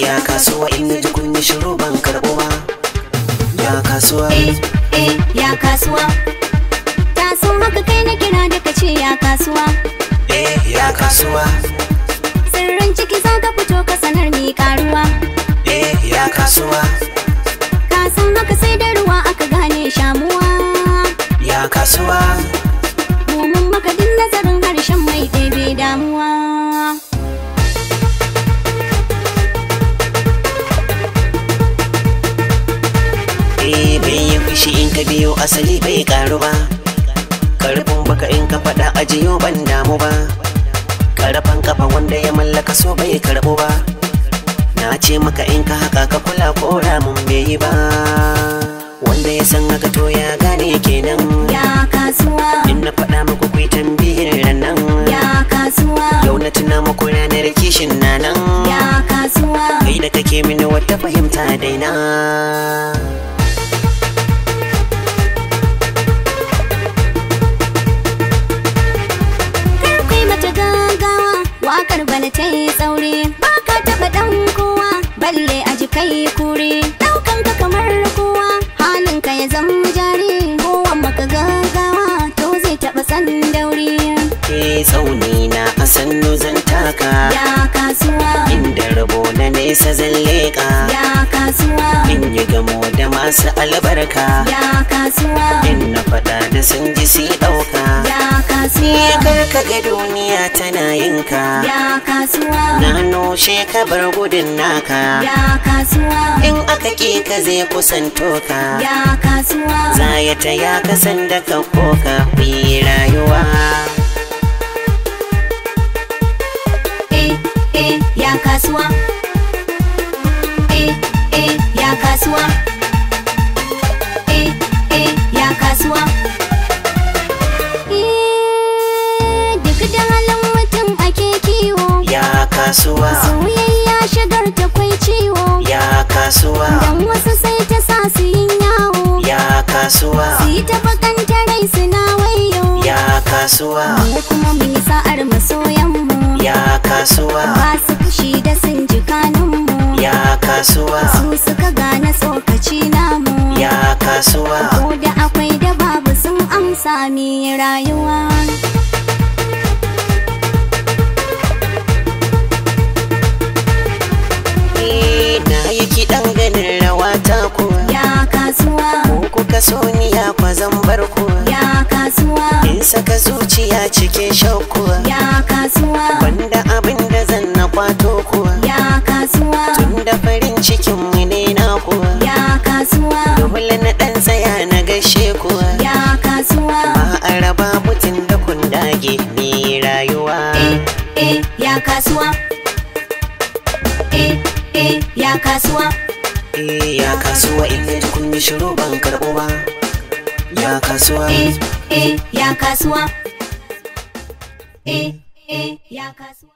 ya kasuwa in na ji kunyi shiru ban karɓo ba ya kasuwa eh, eh ya kasuwa ta sun haka kai na kira da ka ce ya kasuwa eh ya kasuwa sirrin ciki za ka fito ka sanar ni karuwa eh ya kasuwa ka san haka sai da ruwa aka gane shamuwa ya kasuwa domin maka din nazarin harshen mai ɗebe damuwa na biyu asali bai karu ba karfin baka in ka faɗa ajiyo ban damu ba karfan kafa wanda ya mallaka so bai karbu ba na ce maka in ka haka ka kula ko ramin bai ba wanda ya san haka to ya gane kenan ya kasuwa in na faɗa muku kai tambihin ranan ya kasuwa yau na tuna muku ranar kishin na nan ya kasuwa kai da kake mini wata fahimta daina kar bana ta yi tsauri ba ka taɓa ɗan kowa balle a ji kai kure kamar kowa halin ka ya zama jari kowan maka gaggawa to zai taɓa san dauri ke tsauni na a sannu zan taka ya kasuwa inda rabo na nesa zan leƙa masu albarka inna fada faɗa da sun ji si ɗauka ya karka kar ga duniya tana yinka? ya na noshe ka gudun naka ya in aka ƙi ka zai kusanto ka ya kasuwa zayata ya kasan da ka koka fi rayuwa eh eh ya kasuwa eh eh ya kasuwa kasuwa soyayya shigar ta kwai ciwo ya kasuwa dan wasu sai ta sa su yin yawo ya kasuwa su yi ta rai su na wayo ya kasuwa mu kuma mu yi sa'ar masoyan mu ya kasuwa ba su kashi da sun ji kanun mu ya kasuwa su suka gane tsokaci namu ya kasuwa ko da akwai da babu sun amsa mi rayuwa ba zan bar kuwa ya kasuwa in saka zuciya cikin shaukuwa ya kasuwa banda abin da zan na kwato kuwa ya kasuwa tun da farin cikin mu ne na kuwa ya kasuwa dole na dan tsaya na gashe kuwa ya kasuwa ba a raba mutum da kun dage ni rayuwa eh eh ya kasuwa eh eh ya kasuwa eh ya kasuwa in ji kun yi shiru ban karbo ba ya kasuwa eh eh ya kasuwa eh eh ya kasuwa